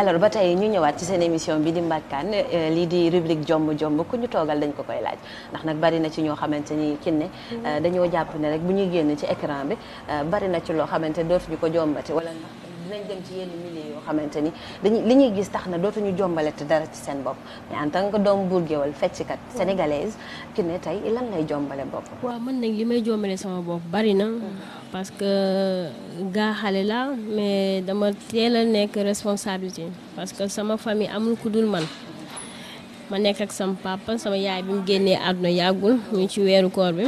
alors ba tey ñu ñëwaat ci seen émission bi di mbàkkaan euh, lii di rubrique jomb jomb ku ñu toogal dañ ko koy laaj ndax nag bari na ci ñoo xamante ni kinne euh, dañoo jàpp ne rek bu ñuy génn ci écran bi euh, bari na ci loo xamante dootuñu ko jombate wala ndax dinañ ci yenn milieu yoo xamante ni dañuy li ñuy gis tax na dootuñu jombalete dara ci seen bopp mais en tant que doom buur géwal fecckat sénégalaise kinne tey lan lay jombale bopp waaw mën nañ li may jombale sama bopp bari na mm-hmm. parce que gaa xale la mais dama teel a nekk responsabilité parce que sama famille amul ku dul man ma nekk ak sama papa sama yaay bi mu génnee àdduna yàggul ñu ci weeru koor bi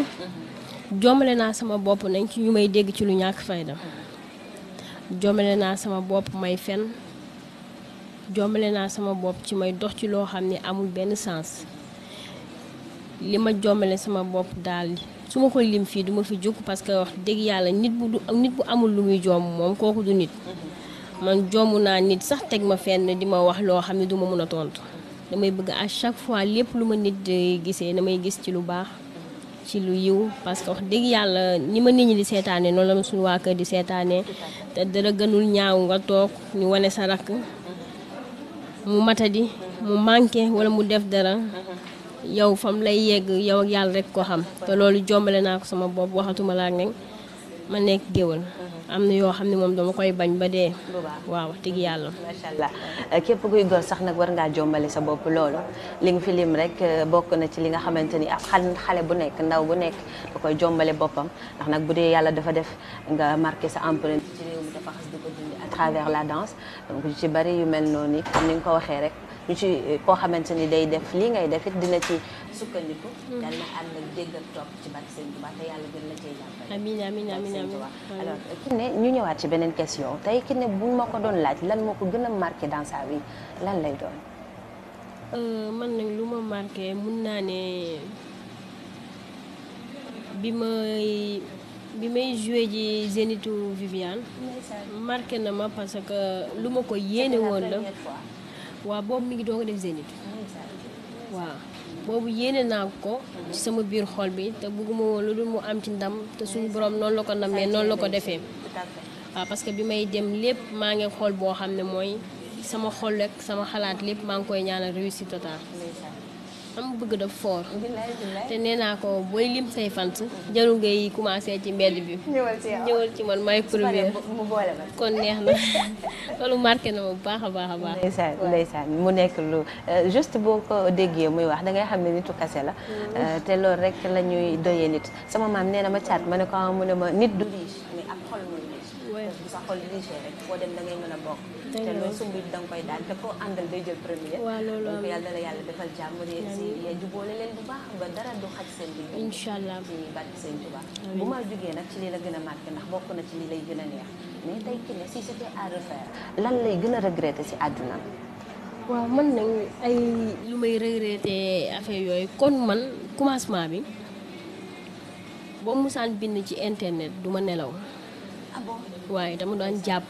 jombale naa sama bopp nañ may dégg ci lu ñàkk fayda jombale naa sama bopp may fen jombale naa sama bopp ci may dox ci loo xam ne amul benn sens li ma jombale sama bopp daal su ma koy lim fii du ma fi jóg parce que wax dëgg yàlla nit bu du nit bu amul lu muy joom moom kooku du nit man joomu naa nit sax teg ma fenn di ma wax loo xam ne du ma mën a tontu damay bëgg a chaque fois lépp lu ma nit gisee gisee may gis ci lu baax ci lu yiw parce que wax dëgg yàlla ni ma nit ñi di seetaane noonu la ma suñu waa kër di seetaane te dara gënul ñaaw nga toog ñu wane sa rakk mu matadi mu manqué wala mu def dara yow fam lay yegg yow ak yàlla rek ko xam te loolu jombale naa ko sama bopp waxatuma laa ak ma nekk géwël mhm. am na yoo xam ne moom dama koy bañ ba dee. waaw wax yàlla. allah eh, képp kuy góor sax nag war ngaa jombale sa bopp loolu li nga fi lim rek eh, bokk na ci li nga xamante ni ab xale bu nekk ndaw bu nekk da koy jombale boppam ndax nag bu dee yàlla dafa def nga marqué sa empreinte ci réew dafa xas di ko dindi à travers la danse donc ci bari yu mel noonu comme ni nga ko waxee rek. ñu ci koo xamante ni day def lii ngay def it dina ci sukkandiku. Mm. yal na ànd ci barke Sëñ Tuubaa yàlla gën la cee jàppale. amiin amiin amiin amiin alors Kiné ñu ñëwaat ci beneen question tey Kiné bu ma ko doon laaj lan moo ko gën a marqué dans sa vie lan lay doon. Euh, man nag lu ma marqué mun naa ne bi may bi may joué ji Zénithu Viviane. marqué na ma parce que lu ma ko yéene woon la. waaw boobu mi ngi doog a def zénith waaw boobu yéene naa ko ci sama biir xol bi te bëgguma woon lu dul mu am ci ndam te suñu borom noonu la ko namee noonu la ko defee waaw parce que bi may dem lépp maa ngi xool boo xam ne mooy sama xol rek sama xalaat lépp maa ngi koy ñaanal réussite totale xam nga bëgg daf fort te nee naa ko booy lim say fant jarul ngay commencé ci mbedd bi ñëwal ci man may première kon neex la loolu marqué na ma bu baax a baax a baax ndeysaan ndeysaan mu nekk lu euh, juste boo ko déggee muy wax da ngay xam ne nitu kase la mm-hmm. euh, te loolu rek la ñuy doyee nit sama maam nee na ma caat ma ne ko mu ne ma nit du lii bu sa xol léger rek foo dem da ngay mën a bokk te looy sumbi da nga koy daal te koo àndal day jël premier donc yàlla la yàlla defal jàmm si ya jubóole leen bu baax ba dara du xaj seen bi incha allah ci bu ma jógee nag ci lii la gën a marqué ndax bokk na ci lii lay gën a neex si c'était lan lay gën a regretter si àdduna waaw man nag ay lu may regretter affaire yooyu kon man commencement bi boo musaan bind ci internet du ma nelaw waaye ah dama daan jàpp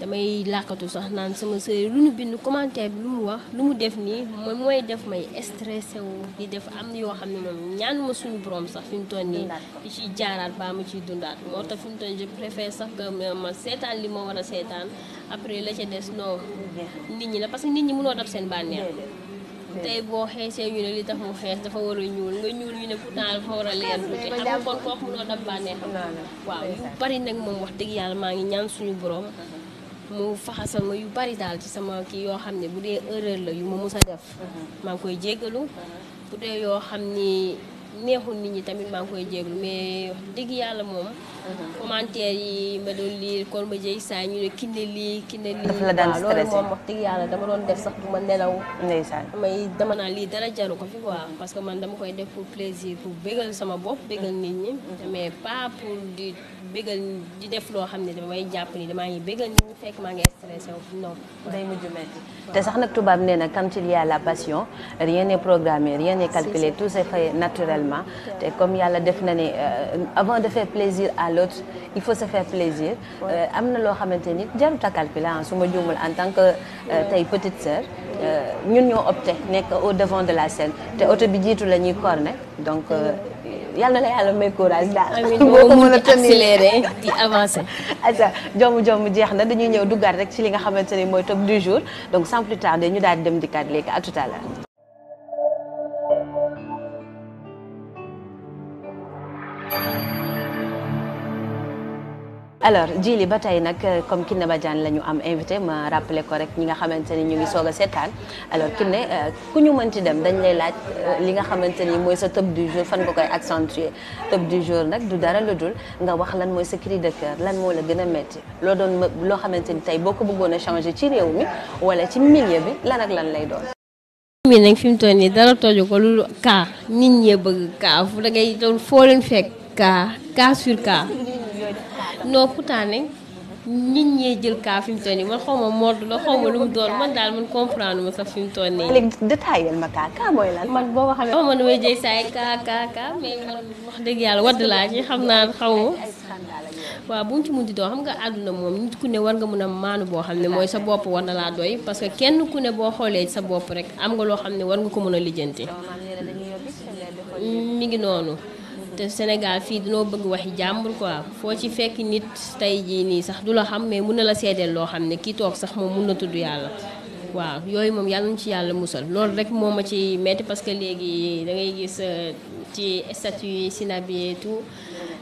damay làkkatu sax naan sama sëy lu ñu bind commentaire bi lu mu wax lu mu def nii mooy mooy def may stressé wu di def am yoo xam ne moom ñaanuma suñu borom sax fi mu toll nii di ciy jaaraat ba mu ciy dundaat moo tax fi mu toll je sax que ma seetaan li ma war a seetaan après la ca des non nit ñi la parce que nit ñi mënoo dab seen bànneex tey boo xeesee ñu ne li tax mu xees dafa war a ñuul nga ñuul ñu ne pourtant dafa war a leer tuuti waaw yu bari nag moom wax dëgg yàlla maa ngi ñaan suñu borom mu faxasal ma yu bari daal ci sama kii yoo xam ne bu dee erreur la yu ma mus a def maa ngi koy jéggalu bu dee yoo xam ni neexul nit ñi tamit maa ngi koy jéeglu mais wax dëgg yàlla moom. Mhm. commentaire yi ma doon lii kon ma jëy saa ñu ne ki lii ki lii. daf la daan stressé loolu moom wax dëgg yàlla dama doon def sax du ma nelaw. ndeysaan may dama naa lii dara jaru ko fi parce que man dama koy def pour pour bégal sama bopp. bégal nit ñi. Mhm. mais pas pour di bégal di def loo xam ne damay jàpp ni damaa ngi bégal nit ñi fekk maa ngi stressé wu non. day mujj metti te sax nag tubaab nee na quand la passion rien n'est programmé rien n'est calculé tout se fait naturel. également te comme yàlla def na ni euh, avant de faire plaisir à l'autre il faut se faire plaisir euh, am na loo xamante ni jarut a calculer ah, su ma juumul en tant que euh, tey petite sœur ñun ñoo opté nekk au devant de la scène te oto bi jiitu la ñuy corné donc yàlla na la yàlla may courage daal boo ko mën a accéléré di avancé aca jomb jomb jeex na dañuy ñëw duggaat rek ci li nga xamante ni mooy top du jour donc samp plus tarder ñu daal di dem dikkaat léegi à tout à alors jili ba tey nag euh, comme Kiné Badiane la ñu am invité ma rappelé ko rek ñi nga xamante ni ñu ngi soog seetaan alors Kiné euh, ku ñu mënti dem dañ lay laaj euh, li nga xamante ni mooy sa tëb du jour fan nga koy accentuer tëb du jour nag du dara lu dul nga wax lan mooy sa cri de cœur lan moo la gën a loo doon loo xamante ni tey boo ko bëggoon a changer ci réew mi wala ci milieu bi lan ak lan lay doon. mi nag fi mu toll nii dara toju ko lu kaa nit ñi bëgg kaa fu ngay doon foo leen fekk kaa kaa sur non pourtant nit ñee jël kaa fi mu toll nii man xaw ma mord la xaw ma lu mu doon man daal man comprendre ma sax fi mu toll nii. léegi détaillé ma kaa kaa mooy lan. man boo ko xamee xaw ma nu may jëy saay kaa kaa kaa mais man wax dëgg yàlla wadd laa ci xam naa xaw ma. waaw bu mu ci munti doo xam nga àdduna moom nit ku ne war nga mun a maanu boo xam ne mooy sa bopp war na laa doy parce que kenn ku ne boo xoolee sa bopp rek am nga loo xam ne war nga ko mën a lijjanti. mi ngi noonu. te Sénégal fii dañoo bëgg wax waxi jàmbur quoi foo ci fekk nit tey jii nii sax du la xam mais mun na la seedeel loo xam ne kii toog sax moom mun na tudd yàlla waaw yooyu moom yàlla ñu ci yàlla musal loolu rek moo ma ci metti parce que léegi da gis euh, ci statut yi sinabi tout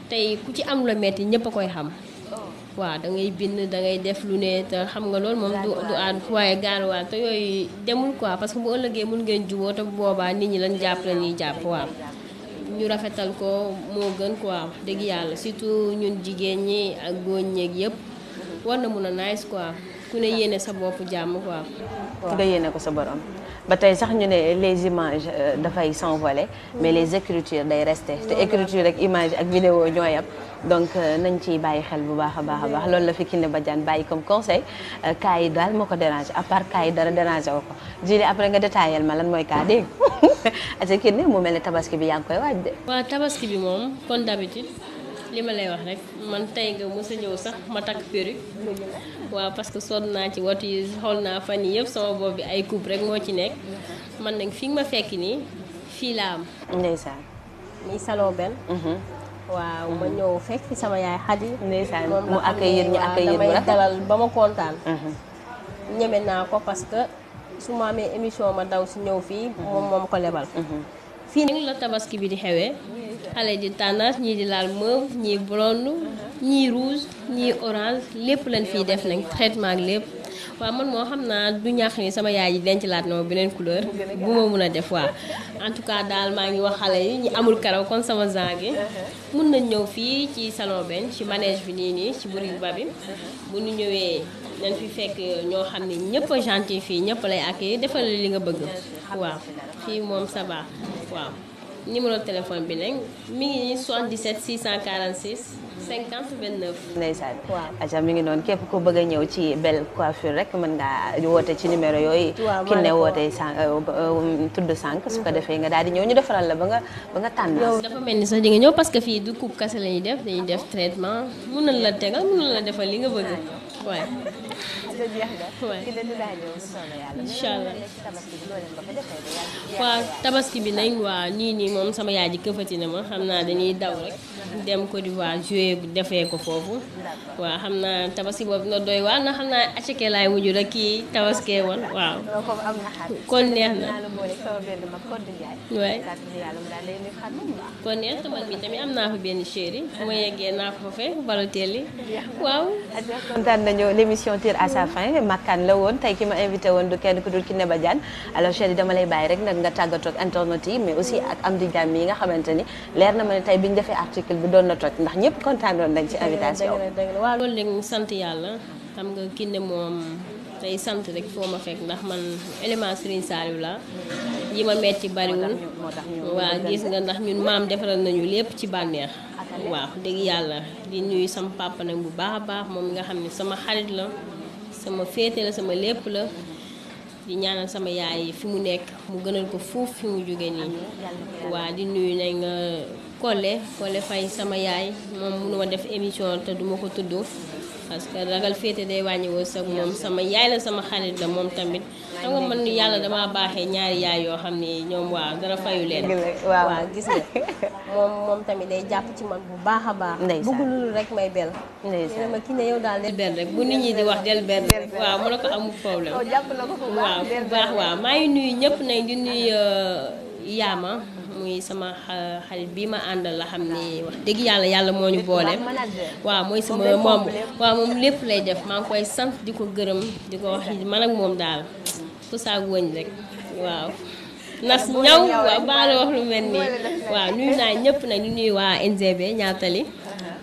tey ku ci am la metti ñëpp a koy xam waaw da ngay bind da ngay def lu ne te xam nga loolu moom du du aad waaye gaaruwaal te yooyu demul quoi parce que bu ëllëgee mun ngeen juboo te boobaa nit ñi lañ jàpp la ñuy jàpp waaw ñu rafetal ko moo gën quoi wax dëgg yàlla surtout ñun jigéen ñi ak góor ñeeg yëpp war na mun a nice quoi ku ne yéene sa bopp jàmm quoi. ku ne yéene ko sa borom. ba tey sax ñu ne les images euh, dafay s'envoler mais les écritures day rester te écriture ak image ak vidéo ñooy am donc euh, nañ ci bàyyi xel bu baax a baax a baax loolu la fi ba Badiane bàyyi comme conseil euh, cas yi daal moo ko dérange à part cas yi dara dérange wu ko jii après nga détaillé ma lan mooy cas dégg Adja Kiné mu mel ne tabaski bi yaa ngi koy waaj de. waaw tabaski bi moom kon d'habitude li ma lay wax rek man tey nga mos a ñëw sax ma takk perruque waaw parce que sonn naa ci wat yi xool naa fan yii yëpp sama bopp bi ay coupe rek moo ci nekk man nañ fi nga ma fekk nii fii laa am. ndeysaan. muy salon benn. Mhm. waaw ma ñëw fekk fi sama yaay Xadi. ndeysaan mu accueillir ñu ñu damay dalal ba ma kontaan. Mhm. ñeme naa ko parce su ma amee émission ma daw si ñëw fii moom moom ko lebal mhm. Mhm. fii nag la tabaski bi di xewee xale di tànnaas ñii di laal mauve ñii blonde ñii rouge ñii orange lépp lañ fii def nag traitement ak lépp waaw man moo xam naa du ñax ni sama yaay yi denc laat na ma beneen couleur bu ma mun a def waa en tout cas daal maa ngi wax xale yi ñu amul karaw kon sama zang yi mun nañ ñëw fii ci salon benn ci manège bi nii nii ci Bourguiba bi bu ñu ñëwee dañ fi fekk ñoo xam ne ñëpp a gentil fii ñëpp lay accueillir defal li nga bëgg waaw fii moom ça va waaw numéro téléphone bi nag mu ngi nii 77 646 50 29. ndeysaan waaw aja mi ngi noonu képp ku bëgg a ñëw ci belle coiffure rek mën ngaa woote ci numéro yooyu. waaw ki ne wootee sànq euh, euh, um, tudd sànq. su ko mhm. defee nga daal di ñëw ñu defaral la ba nga ba nga tànn. dafa mel ni sax di nga ñëw parce que fii du coupe kase la ñuy def dañuy def traitement mun na la tegal mun na la defal li nga bëgg sa jeex allah bi loo waaw tabaski bi nag waa nii nii moom sama yaay ji këfati na ma xam naa dañuy daw rek. dem Côte d'Ivoire joué defee ko foofu. waaw xam naa tabaski boobu na doy waar na xam naa aceke laay mujj rek kii tabaskee woon kon neex na. waay. kon neex na man mi tamit am naa fa benn chéri fu ma yeggee naa ko fa fekk Balotelli waaw. kontaan nañu l'émission tire à sa fin makkaan la woon tey ki ma invité woon du kenn ku dul ki Neba Diagne alors dama lay bàyyi rek nag nga tàggatoo ak yi mais aussi ak am di jàmm yi nga xamante leer na ma ne tey bi bi doon na toj ndax ñëpp kontaanoon nañ ci invitation bi. waaw loolu léegi sant yàlla xam nga Kiné moom tey sant rek foo ma fekk ndax man élément Serigne Saliou la yi ma metti bariwul waaw gis nga ndax ñun maam defaral nañu lépp ci bànneex waaw dëgg yàlla di nuyu sama papa bu baax a baax moom nga xam ne sama xarit la sama féete sama lépp la di ñaanal sama yaay fi mu nekk mu gënal ko foofu fi mu jóge nii waa di nuyu nag Collé Collé fay sama yaay moom mënuma def émission te duma ko tudd parce que ragal féete day wàññiwoo sax moom sama yaay la sama xarit la moom tamit xam nga yàlla damaa baaxee ñaari yaay yoo xam ne ñoom waaw dara fayu leen. waaw gis nga moom moom tamit day jàpp ci man bu baax a baax. bëggul lu rek may bel. daal del benn rek bu nit ñi di wax del benn rek waaw mu ne ko amul problème. Oh, jàpp bu baax waaw baax waaw maa nañ di nuyu euh, Yaama. muy sama xarit bi ma àndal la xam ni wax dëgg yàlla yàlla moo ñu boole. waaw mooy sama moom waaw moom lépp lay def maa koy sant di ko gërëm di ko wax man ak moom daal ku saag wëñ rek waaw. nas ñaw waaw baal wax lu mel nii waaw nuyu naa ñëpp nag ñu nuyu waa NGB ñaatali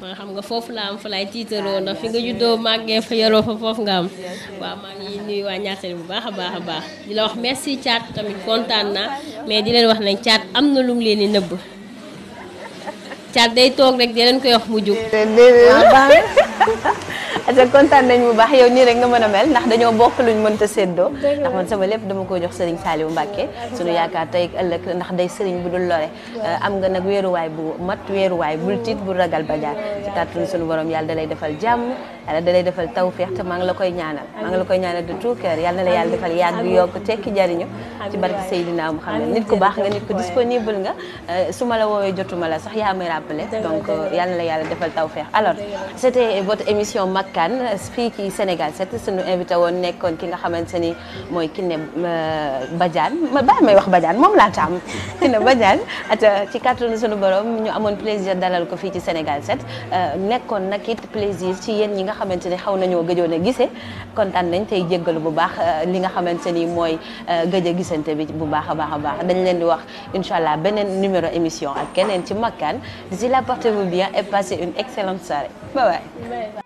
waaw xam nga foofu la am fa laay tiitaroo ndax fi nga juddoo màggee fa yaroo fa foofu nga am waaw maa ngi nuyu waa ñaatali bu baax a baax a baax di la wax merci caat tamit kontaan na mais di leen wax nañ caat am na lum leen di nëbb caat day toog rek di leen koy wax mu ak kontaan nañ bu baax yow nii rek nga mën a mel ndax dañoo bokk luñ mënta séddoo ndax man sama lépp dama ko jox sëriñ Saliou Mbacke suñu yaakaar tey ëllëg ndax day sëriñ bu dul lore am nga nag weeruwaay bu mat weeruwaay bul tiit bul ragal ba jaar ci kàttanu suñu borom yàlla da lay defal jàmm yàlla da defal tawfeex te maa ngi la koy ñaanal maa ngi koy ñaanal de tout cœur yàlla na la yàlla defal yàgg yokk tekki jariñu ci barke Seydina Muhammad nit ku baax nga nit ku disponible nga euh, su ma la woowee jotuma la sax yaa may rappelé donc yàlla na yàlla defal tawfeex alors c'était kan fii ci Sénégal 7 suñu invité woon nekkoon ki nga xamante ni mooy Kiné euh, Badiane ma bàyyi may wax bajaan moom laa taam Kiné Badiane at euh, ci kàttanu sunu borom ñu amoon plaisir dalal ko fii ci Sénégal 7 euh, nekkoon nag it plaisir ci yéen ñi nga xamante ni xaw nañoo gëjoon a gisee kontaan nañ tey jéggalu bu baax li nga xamante ni mooy gëj a gisante bi bu baax a baax a baax dañ leen di wax incha allah beneen numéro émission ak keneen ci makkaan d'ici là portez-vous bien et passez une excellente soirée bye